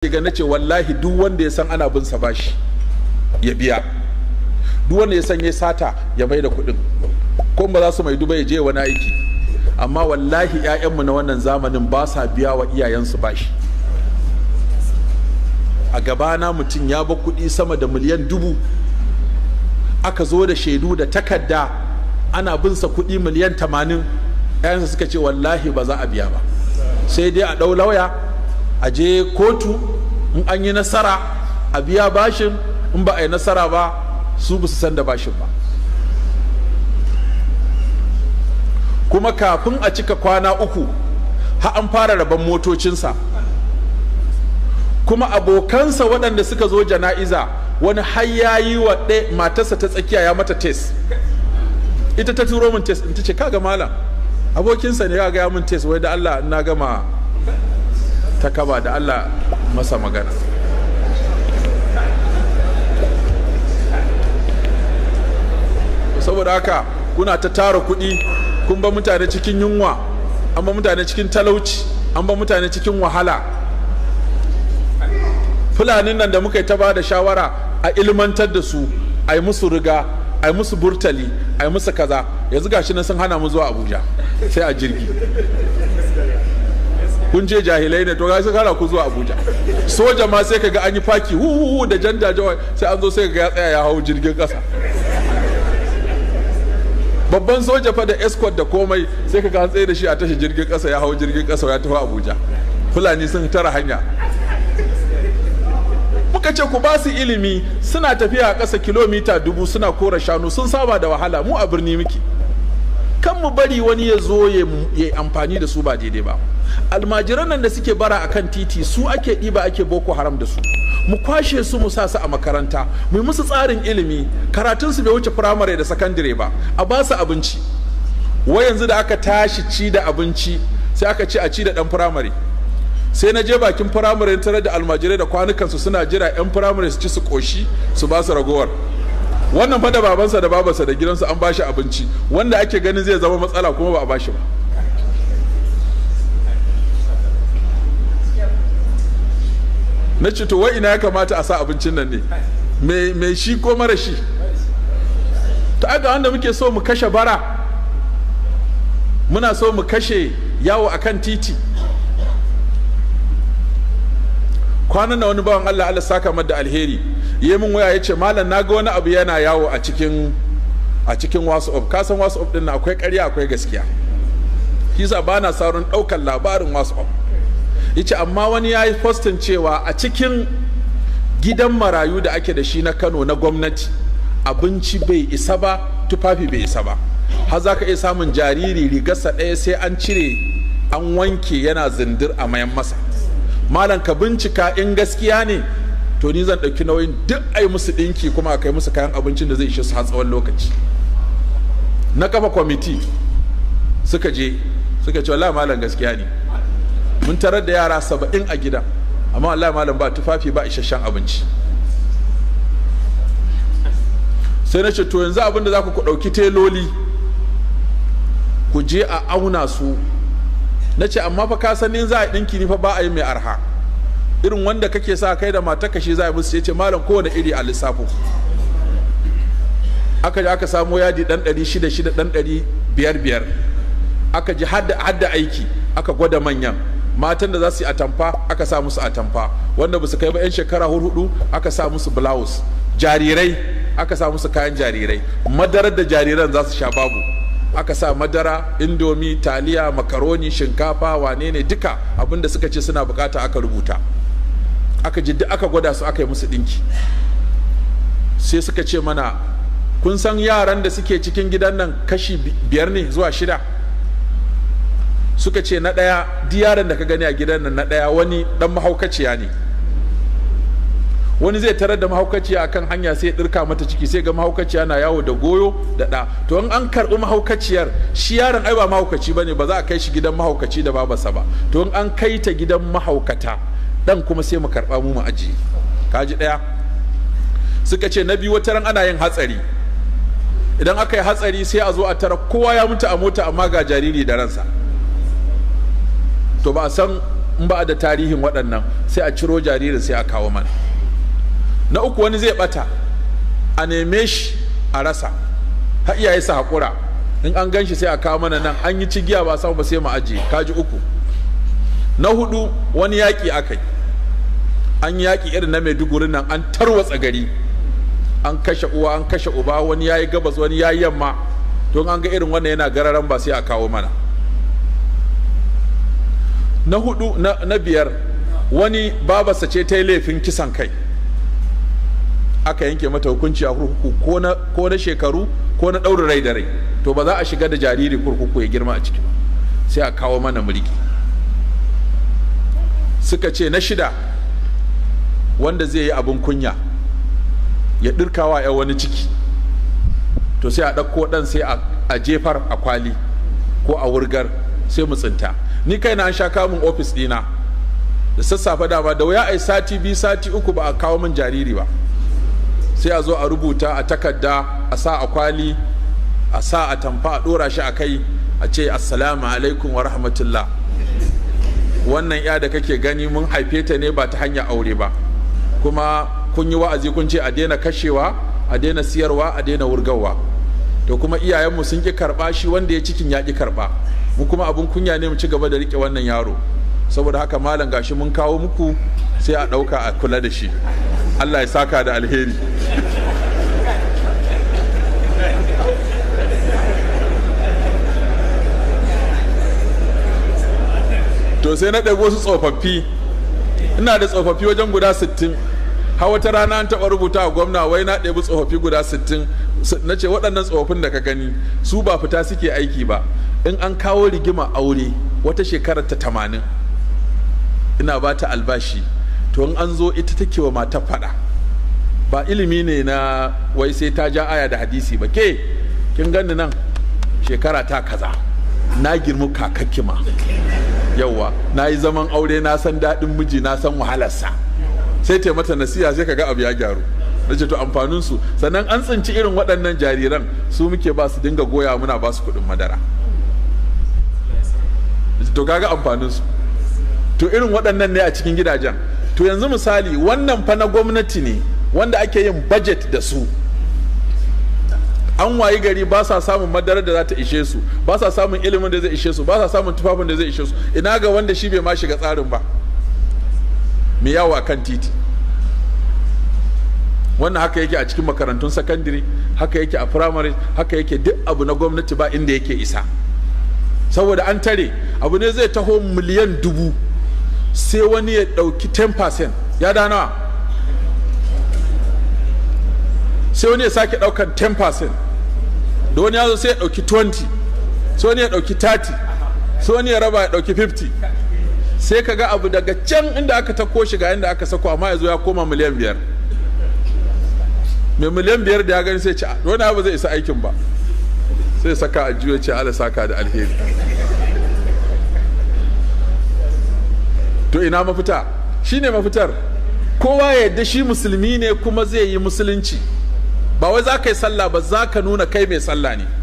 ga na ce wallahi duk wanda ya san ana bin sa bashi ya biya duk wanda ya san ya sata ya bai da kuɗin ko ba za su mai duba ya je wani aiki amma wallahi 'ya'yanmu na wannan zamanin ba sa biya wa iyayensu bashi a gabana mutum ya ba kuɗi sama da miliyan dubu aka zo da shaidu da takarda ana bin sa kuɗi miliyan tamanin 'ya'yansa suka ce wallahi ba za a biya ba sai dai a ɗau lauya a je kotu in an yi nasara a biya bashin in ba a yi nasara ba su ba su san da bashin ba kuma kafin a cika kwana uku ha an fara rabon motocinsa kuma abokansa waɗanda suka zo jana'iza wani har ya yi wa matarsa ta tsakiya ya mata tes ita ta turo min tes in ta ce kaga malam abokinsa ne ya gaya min tes wai da allah na gama ta kaba da allah masa magana saboda haka kuna ta tara kuɗi kun ba mutane cikin yunwa an ba mutane cikin talauci an ba mutane cikin wahala fulanin nan da muka yi ta ba da shawara a ilmantar da su a yi musu riga a yi musu burtali a yi musu kaza yanzu gashi na sun hana mu zuwa abuja sai a jirgi kun je jahilai ne to ga sai kara ku zuwa abuja soja ma sai kaga an yi faki hu da jan jawai sai an zo sai kaga ya tsaya ya hau jirgin kasa babban soja fa da escort da komai sai kaga an tsaye da shi a tashi jirgin kasa ya hau jirgin kasa ya tafi abuja fulani sun tara hanya muka ce ku ba su ilimi suna tafiya a ƙasa kilomita dubu suna kora shanu sun saba da wahala mu a birni muke kan mu bari wani ya zo ya yi amfani da su ba daidai ba almajiran nan da suke bara a kan titi su ake ɗiba ake boko haram da su mu kwashe su mu sa su a makaranta mu yi musu tsarin ilimi karatun su bai wuce firamare da sakandire ba a ba su abinci wai yanzu da aka tashi ci da abinci sai aka ci a ci da dan firamare sai na je bakin firamare tare da almajirai da kwanukansu suna jira yan firamare su ci su koshi su ba su ragowar wannan fada babansa da babansa da gidansa an bashi abinci wanda ake ganin zai zama matsala kuma ba a bashi ba na ce to wa ina ya kamata a sa abincin nan ne mai shi ko mara shi ta aga wanda muke so mu kashe bara muna so mu kashe yawo akan titi kwanan na wani bawan Allah Allah saka da alheri yi min waya yace ce malam na ga wani abu yana yawo a cikin a cikin of kasan of din akwai karya akwai gaskiya kisa ba na saurin ɗaukar labarin wasu ya ce amma wani ya yi postin cewa a cikin gidan marayu da ake da shi na kano na gwamnati abinci bai isa ba tufafi bai isa ba har za ka iya samun jariri rigarsa ɗaya sai an cire an wanke yana zindir a mayan masa malam ka bincika in gaskiya ne to ni zan ɗauki nauyin duk a yi musu ɗinki kuma a kai musu kayan abincin da zai ishe su har tsawon lokaci na kafa kwamiti suka je suka ce wallahi malam gaskiya ne mun tarar da yara saba'in a gidan amma wallahi malam ba tufafi ba isasshen abinci sai na ce to yanzu abin da za ku ɗauki teloli ku je a auna su na ce amma fa ka sanin za a ɗinki ni fa ba a yi mai arha irin wanda kake sa kai da mata kashi za a musu ce malam kowane iri a lissafo aka ji aka samo yadi dan ɗari shida shida dan ɗari biyar biyar aka ji hadda aiki aka gwada manyan matan da za su yi atamfa aka sa musu atamfa wanda ba su kai ba 'yan shekara hudu aka sa musu blouse jarirai aka sa musu kayan jarirai madarar da jariran za su sha babu aka sa madara indomi taliya makaroni shinkafa wane ne duka abinda suka ce suna bukata aka rubuta aka ji aka gwada su aka yi musu ɗinki sai suka ce mana kun san yaran da suke cikin gidan nan kashi biyar ne zuwa shida suka ce na ɗaya yaran da ka gani a gidan nan na ɗaya wani ɗan mahaukaciya ne wani zai tarar da mahaukaciya akan hanya sai ɗirka mata ciki sai ga mahaukaciya na yawo da goyo da ɗa to in an karɓi mahaukaciyar shi yaron ai ba mahaukaci ba ne ba za a kai shi gidan mahaukaci da babasa ba to in an kai ta gidan mahaukata dan kuma sai mu karba mu mu aji kaji daya suka ce na biyu wata ran ana yin hatsari idan aka yi hatsari sai a zo a tara kowa ya mutu a mota amma ga jariri da ransa to ba a san in ba a da tarihin waɗannan sai a ciro jaririn sai a kawo mana na uku wani zai bata a neme shi a rasa ha iyaye su haƙura in an gan shi sai a kawo mana nan an yi cigiya ba samu ba sai mu ajiye kaji uku na hudu wani yaƙi aka yi an yaƙi irin na maiduguri nan an tarwatsa gari an kashe uwa an kashe uba wani ya yi gabas wani ya yi yamma to an ga irin wannan yana gararan ba sai a kawo mana na hudu na biyar wani babarsa ce ta yi laifin kisan kai aka yanke mata hukunci a kurkuku ko na shekaru ko na ɗaurin rai da rai to ba za a shiga da jariri kurkuku ya girma a ciki sai a kawo mana mulki suka ce na shida wanda zai yi abin kunya ya ɗirkawa ya wani ciki to sai a ɗauko ɗan sai a jefar a kwali ko a wurgar sai mu tsinta ni kai na an sha kamun ofis dina da sassafa dama da wuya a sati biyu sati uku ba a kawo min jariri ba sai a zo a rubuta a takarda a sa a kwali a sa a tamfa a ɗora shi a kai a ce assalamu alaikum wa rahmatullah wannan ya da kake gani mun haife ta ne ba ta hanyar aure ba kuma kun yi wa'azi kun ce a daina kashewa a daina siyarwa a daina wurgawa to kuma iyayenmu sun ki karba shi wanda ya cikin ya ki karba mu kuma abun kunya ne mu ci gaba da rike wannan yaro saboda haka malam gashi mun kawo muku sai a ɗauka a kula da shi allah ya saka da alheri to sai na ɗago su tsofaffi ina da tsofaffi wajen guda sittin har ta rana an taɓa rubuta a gwamna wai na ɗebi tsofaffi guda sittin na ce waɗannan tsofaffin da ka gani su ba fita suke aiki ba in an kawo rigima aure wata shekarar ta tamanin ina ba ta albashi to in an zo ita take wa mata faɗa ba ilimi ne na wai sai ta ja aya da hadisi ba ke kin gani nan shekara ta kaza na girmu kakakki ma yauwa na yi zaman aure na san daɗin miji na san wahalarsa sai ta mata nasiha sai ka ga abu ya gyaru na ce to amfanin sannan an tsinci irin waɗannan jariran su muke ba su dinga goya muna ba su kuɗin madara to kaga amfanin su to irin waɗannan ne a cikin gidajen to yanzu misali wannan fa na gwamnati ne wanda ake yin budget da su an wayi gari ba sa samun madarar da za ta ishe su ba sa samun ilimin da zai ishe su ba sa samun tufafin da zai ishe su ina ga wanda shi bai ma shiga tsarin ba mai yawo a kan titi wannan haka yake a cikin makarantun sakandire haka yake a firamare haka yake duk abu na gwamnati ba inda yake isa saboda an tare abu ne zai taho miliyan dubu sai wani ya ɗauki 10% ya danawa sai wani ya sake ɗaukan 10% da wani ya zo sai ya ɗauki 20 sai ya ɗauki 30 sai ya raba ya ɗauki 50 sai ka ga abu daga can inda aka tako shiga ga inda aka sako amma ya zo ya koma miliyan biyar mai miliyan biyar da ya gani sai ce ah, wani abu zai isa aikin ba sai saka a juya ce ala saka da alheri to ina mafita shine mafitar kowa ya yadda shi musulmi ne kuma zai yi musulunci ba wai za ka yi sallah ba za ka nuna kai mai sallah ne